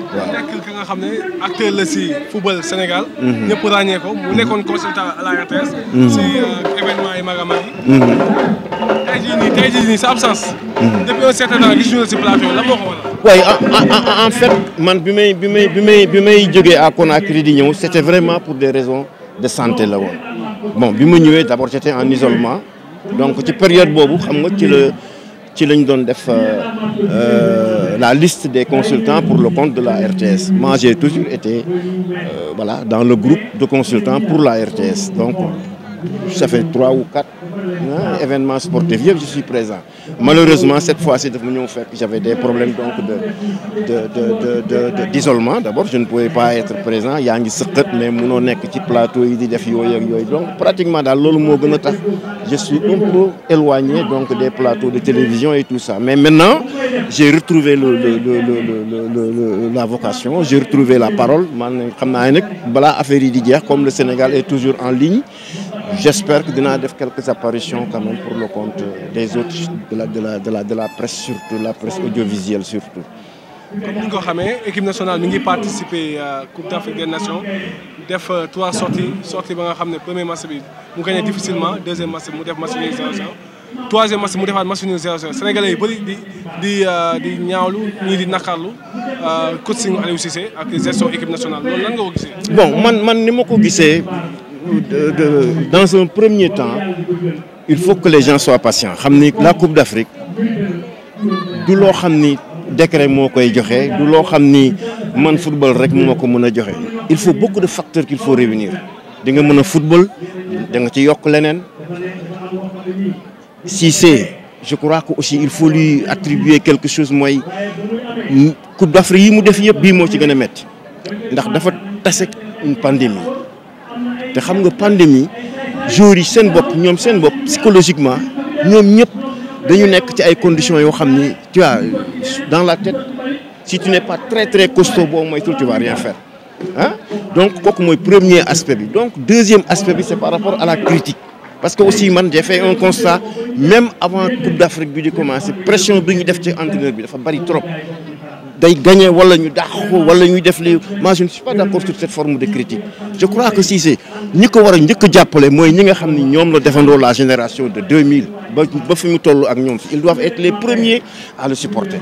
mu xam ne acteur la si football Sénégal. Mhm. ñëpp ko mu nekkoon consultant à la RTS. Mhm. si euh, événement yi a mhm. waaye en fait man bi may bi may bi may bi may jógee à Conakry di ñëw c' était vraiment pour des raisons de santé la woon bon bi ma ñëwee d' abord c' en isolement donc ci période boobu xam nga ci la. ci lañ doon def euh, euh, la liste des consultants pour le compte de la RTS moi j'ai toujours été euh, dans le groupe de consultants pour la RTS donc ça fait trois ou quatre événement sportif yëpp je suis présent malheureusement cette fois-ci daf ma ñëw fekk j'avais des problèmes donc de de de de de d'isolement d'abord je ne pouvais pas être présent yaa ngi sëqat mais munoo nekk ci plateau yi di def yooyu ak yooyu donc pratiquement daal loolu moo gën a tax je suis un peu éloigné donc des plateaux de télévision et tout ça mais maintenant j'ai retrouvé le le le le le le la vocation j'ai retrouvé la parole man xam naa nag balaa affaire yi di jeex comme le Sénégal est toujours en ligne J'espère que dina def quelques apparitions quand même pour le compte des autres de la presse surtout la presse audiovisuelle surtout. comme nga ko équipe nationale mi ngi participer euh, Coupe d'Afrique des Nations def euh, trois sorties ba nga xam ne premier match bi mu gagné difficilement deuxième match bi mu def match nul 0-0 troisième match di di euh, di ñaawlu ñii di naqarlu coaching Aliou Cissé ak gestion équipe nationale loolu lan nga ko gisee. Euh, dans un premier temps il faut que les gens soient patients xam ni la Coupe d'Afrique du loo xam ni décret moo koy joxe du loo xam ni man football rek moo ko mën a joxe. il faut beaucoup de facteurs qu'il faut réunir di nga mën a football da nga ci yokk leneen si c'est je crois que aussi il faut lui attribuer quelque chose mooy Coupe d'Afrique yi mu def yëpp bii moo ci gën a metti ndax dafa tase une pandémie. te xam nga pandémie joueurs yi seen bopp ñoom seen bopp psychologiquement ñoom ñëpp dañu nekk ci ay condition yoo xam ni tu vois dans la tête si tu n'es pas très très costaud boo mooy tu vas rien faire ah donc kooku mooy premier aspect bi donc deuxième aspect bi c'est par rapport à la critique parce que aussi man j'ai fait un constat même avant Coupe d'Afrique bi di commencer pression bi ñu def ci entraîneur bi dafa bari trop day gagné wala ñu dàq ko wala ñuy def li moi je ne suis pas d'accord sur cette forme de critique je crois que Cissé ñi ko war a njëkk a jàppale mooy ñi nga xam ni ñoom la defandoo la génération de 2000 ba ba fi mu toll ak ñoom fi ils doivent être les premiers à le supporter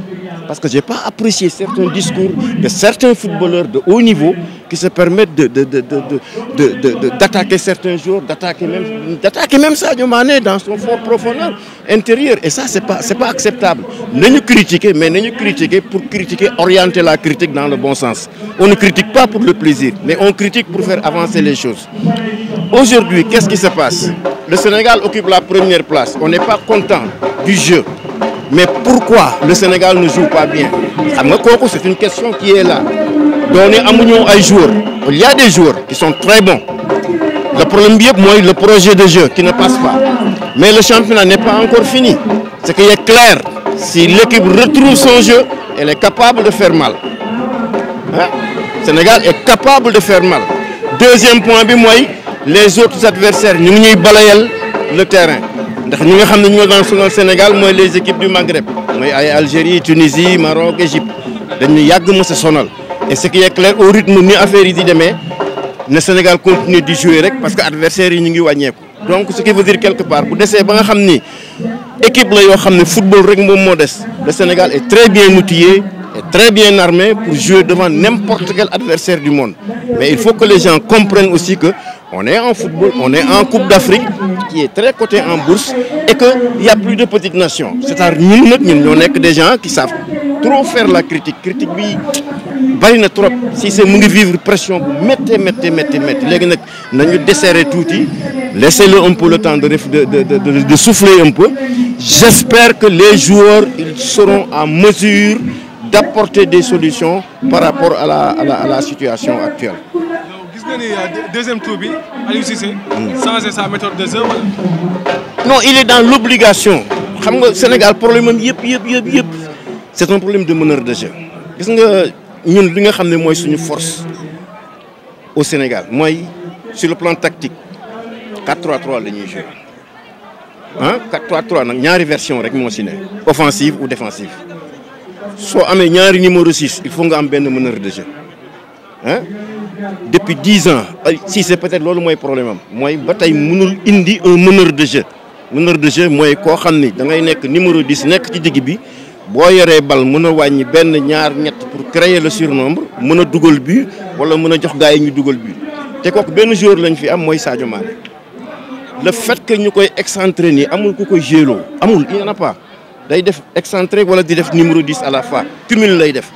parce que j'ai pas apprécié certains discours de certains footballeurs de haut niveau qui se permettent de de de de de d'attaquer certains jours d'attaquer même d'attaquer même Sadio Mané dans son fort profondeur intérieur et ça c'est pas c'est pas acceptable nañu critiquer mais nañu critiquer pour critiquer orienter la critique dans le bon sens on ne critique pas pour le plaisir mais on critique pour faire avancer les choses aujourd'hui qu'est-ce qui se passe le Sénégal occupe la première place on n'est pas content du jeu mais pourquoi le Sénégal ne joue pas bien xam nga kooku c'est une question qui est là doo ne amuñu ay joueurs il y des jours qui sont très bons le problème bi yëpp mooy le projet de jeu qui ne passe pas mais le championnat n'est pas encore fini ce qui est clair si l'équipe retrouve son jeu elle est capable de faire mal ah Sénégal est capable de faire mal deuxième point bi mooy les autres adversaires ñu ngi ñuy le terrain ndax ñi nga xam ne ñoo daan sonal Sénégal mooy les équipes du Maghreb mooy ay Algérie Tunisie Maroc Égypte dañu yàgg mës sonal et ce qui est clair au rythme ni affaire yi di ne Sénégal continue di jouer parce que adversaires y ñu ngi wàññeeku. donc ce qui veut dire quelque part bu ba nga xam ni équipe la yoo xam ne football rek moom moo des le Sénégal est très bien outillé et très bien armé pour jouer devant n'importe quel adversaire du monde mais il faut que les gens comprennent aussi que on est en football on est en Coupe d'Afrique qui est très cotée en bourse et que y a nekk des gens qui savent trop bari na trop Cissé mu ngi vivre pression bu méttee méttee méttee métti léegi nag nañu laissez-le un peu le temps de de de de souffler un peu j'espère que les joueurs ils seront en mesure d'apporter des solutions par rapport à la à situation actuelle. gis nga ni euh, deuxième tour bi Aliou hmm. il est dans l'obligation xam nga Sénégal problème am yëpp yëpp yëpp yëpp c'est un problème de meneur de jeu ñun li nga xam ne mooy suñu force au Sénégal mooy sur le plan tactique 4-3-3 la ñuy jouer ah 4-3-3 nag ñaari version rek moo si ne offensive ou défensive soo amee ñaari numéro 6 il faut nga am benn meneur de jeu ah depuis 10 ans ay si c'est peut-être loolu mooy problème am mooy ba tey mënul indi un meneur de jeu meneur de jeu mooy koo xam ni da ngay nekk numéro 10 nekk ci digg bi. boo yoree bal mën a wàññi benn ñaar ñett pour créer le surnombre mën a dugal bi wala mën a jox gars yi ñu dugal bi te kooku benn jour lañ fi am mooy Sadio Mané le fait que ñu koy excentré nii amul ku koy géloo amul il n'y en day def excentré wala di def numéro 10 à la fois cumul lay def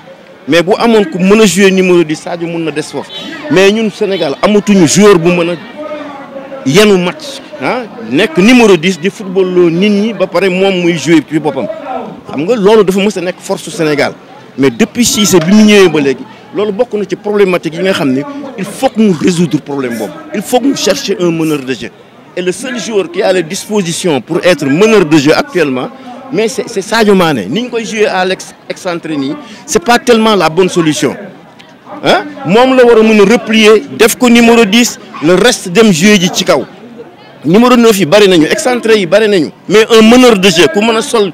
mais bu amoon ku mën a jouer numéro 10 Sadio mën na des foofu mais ñun Sénégal amatuñu joueur bu mën a yenu match ah nekk numéro 10 di football loo nit ñi ba pare moom muy jouer ci boppam xam nga loolu dafa mës a nekk force su Sénégal mais depuis Cissé bi mu ñëwee ba léegi loolu bokk na ci problématique yi nga xam ni il faut que mu résoudre problème boobu il faut que mu chercher un meneur de jeu et le seul joueur qui a les dispositions pour être meneur de jeu actuellement mais c'est c'est Sadio Mané ni ñu koy jouer à l'excentré nii c'est pas tellement la bonne solution ah moom la war a mën a replier def ko numéro 10 le reste dem jouer ji ci kaw numéro 9 yi bari nañu excentré yi bari nañu mais un meneur de jeu ku mën a sol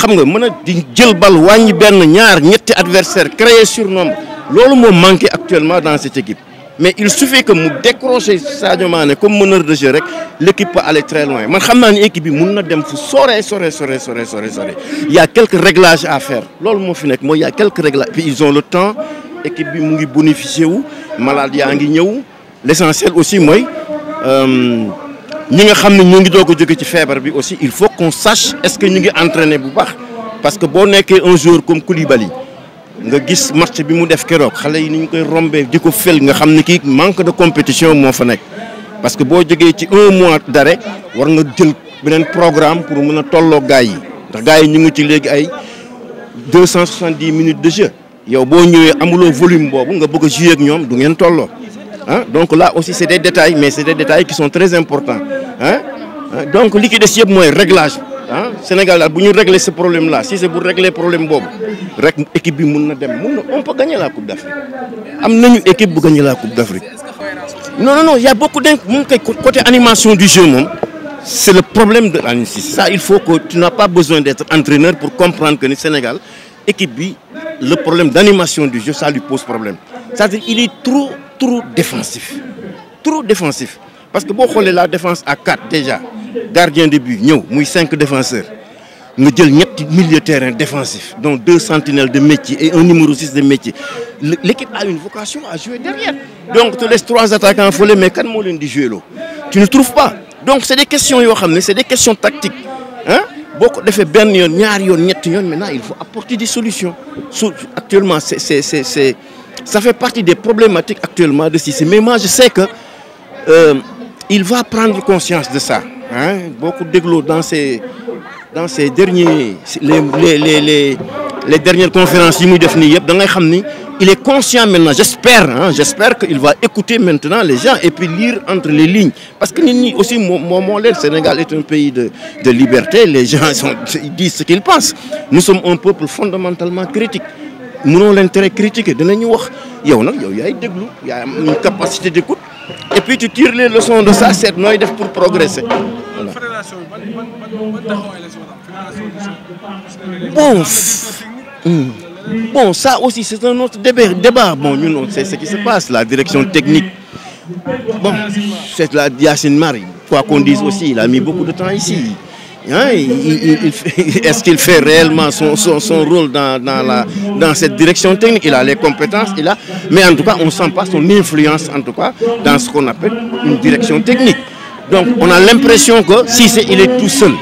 xam nga mën a di jël bal wàññi benn ñaar ñetti adversaire créer surnombre loolu moo manqué actuellement dans cette équipe mais il suffit que mu décrocher Sadio Mané comme meneur de jeu rek l' équipe peut aller très loin man xam naa ni équipe bi mun na dem fu sore sore sore sore sore sore y' a quelques réglages à loolu moo fi nekk mooy y' a quelques réglages puis ils ont le temps équipe bi mu ngi bénéficier wu malade yaa ngi ñëw l' aussi mooy. Euh, ñi nga xam ne ñoo ngi doog a jóge ci feebar bi aussi il faut qu'on sache est-ce que ñu ngi entraîné bu baax parce que boo nekkee un joueur comme Koulibaly nga gis match bi mu def keroog xale yi ni ñu koy rombee di ko fel nga xam ne kii manque de compétition moo fa nekk parce que boo jógee ci un mois d'arrêt war nga jël beneen programme pour mun a tolloo gars yi ndax gaa yi ñu ngi ci léegi ay deux cent soixante-dix minutes de jeu yow boo ñëwee amuloo volume boobu nga bëgg a ñoom du ngeen tolloo ah donc là aussi c'est des détails mais c'est ah donc li ki des yëpp mooy réglage ah Sénégal bu ñu régler ce problème là si c'est pour régler problème boobu rek équipe bi mu na dem mun na on peut gagner la coupe d'Afrique am nañu équipe bu gagner la coupe d'Afrique non non non y a beaucoup de moom kay côté animation du jeu moom c'est le problème de Aliou Cissé ça il faut que tu n'as pas besoin d'être entraîneur pour comprendre que ni Sénégal équipe bi le problème d'animation du jeu ça lui pose problème c'est-à-dire il est trop trop défensif parce que boo xoolee la défense à quatre déjà gardien de but ñëw muy cinq nga jël ñetti milieu terrain défensif donc deux sentinelles de métier et un numéro de métier l'équipe a une vocation à jouer derrière donc tu laisses trois attaquants fële mais kan moo leen di jouer loo tu ne trouves pas donc c'est des questions yoo xam ne c'est des questions tactiques ah boo ko defee benn yoon ñaari yoon ñetti yoon maintenant il faut apporter des solutions su actuellement c'est c'est c'est c'est ça fait partie des problématiques de Cissé mais moi je sais euh, il va prendre conscience de ça ah boo ko dégloo dans ces dans ces derniers les les les les les dernières conférences yi muy def nii yëpp da ngay xam ni il est conscient maintenant j'espère ah j'espère que il va écouter les gens et puis lire entre les lignes parce que nit ñi aussi moom moo moo leen Sénégal est un pays de de liberté les gens sont ils disent ce qu'ils pensent nous sommes un peuple fondamentalement critique mënoo leen tere critiquer danañu wax yow nag yow yaay déglu yaa am une capacité d'écoute et puis tu tires les leçons de ça seet nooy def pour progresser voilà. bon mmh. bon ça aussi c' est un autre débat débat bon ñun on sait ce qui se passe la direction technique bon c' est la Yacine Marie quoi qu'on dise aussi il a mis beaucoup de temps ici Hein, est-ce qu'il fait réellement son, son, son rôle dans, dans, la, dans cette direction technique Il a les compétences, il a... Mais en tout cas, on sent pas son influence, en tout cas, dans ce qu'on appelle une direction technique. Donc, on a l'impression que si est, il est tout seul.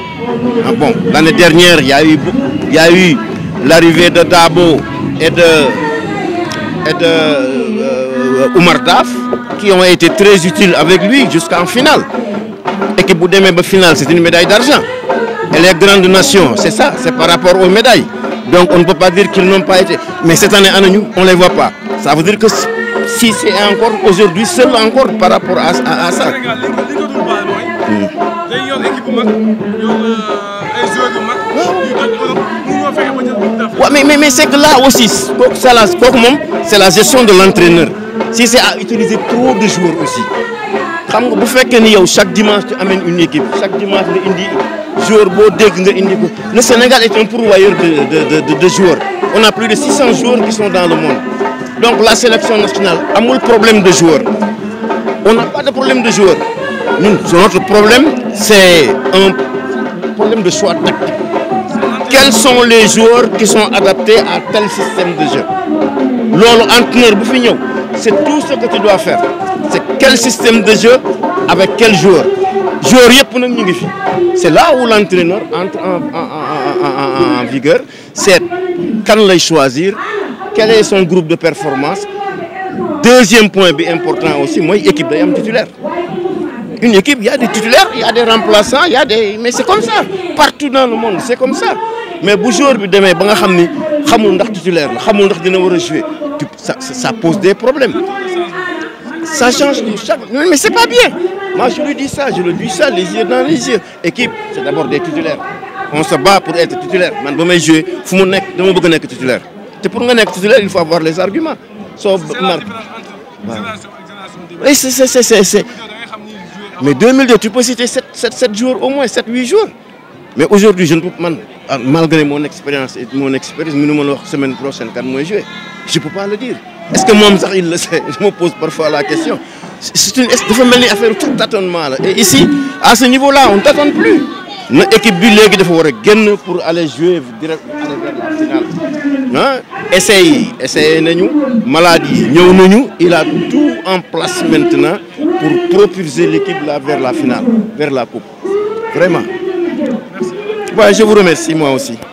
Ah bon, l'année dernière, il y a eu, il y a eu l'arrivée de Dabo et de, et de euh, Oumar Daf, qui ont été très utiles avec lui jusqu'en finale. Et qui, pour demain, finale, c'est une médaille d'argent. et les grandes nations, c'est ça, c'est par rapport aux médailles. Donc on ne peut pas dire qu'ils n'ont pas été. Mais cette année, on ne les voit pas. Ça veut dire que si c'est encore aujourd'hui, seul encore par rapport à, à, à ça. waaw euh, mais mais mais c'est que là aussi kooku c'est la kooku moom c'est la gestion de l'entraîneur si c'est à utiliser trop de joueurs aussi xam nga bu fekkee ni yow chaque dimanche tu amènes une équipe chaque dimanche joueur boo dégg nga indi ko le Sénégal est un pourvoyeur de de de de joueurs on a plus de 600 joueurs qui sont dans le monde donc la sélection nationale amul problème de joueurs on n'a pas de problème de joueurs problème c'est un problème de choix tactique quels sont les joueurs qui sont adaptés à tel système de jeu loolu entraîneur bu fi ñëw c'est tout ce que tu dois faire quel système de jeu avec quel joueur joueur yëpp nag ñu ngi fi c'est là où l'entraîneur entre en en en en vigueur c'est kan lay choisir quel est son groupe de performance deuxième point bi important aussi mooy équipe day am titulaire une équipe il y a des titulaires il y a des remplaçants il y a des mais c'est comme ça partout dans le monde c'est comme ça mais bu joueur bi demee ba nga xam ni xamul ndax titulaire la xamul ndax dina war a jouer ça ça pose des problèmes. Ça change du chaque. mais c'est pas bien. Moi, je lui dis ça, les yeux dans les yeux. Équipe, c'est d'abord des titulaires. On se bat pour être titulaire. Man, ba may jouer fu mu nekk dama bëgg a nekk titulaire te pour nga nekk titulaire il faut avoir les arguments. soo marque mais tu peux citer jours au moins 7 8 jours. mais aujourd'hui je ne peux man. Ah, malgré mon expérience et mon expérience mënu ma la wax semaine prochaine kan mooy jouer je peux pas le dire est-ce que moom sax il le sait je me pose parfois la question c'est une dafa mel ni affaire tout tâtonnement la et ici à ce niveau là on tâtonne plus na équipe bi léegi dafa war a génn pour aller jouer direct aller vers la finale ah essayé yi essayé nañu malade yi ñëw nañu il a tout en place maintenant pour propulser l'équipe là vers la finale vers la coupe vraiment Voilà, je vous remercie moi aussi.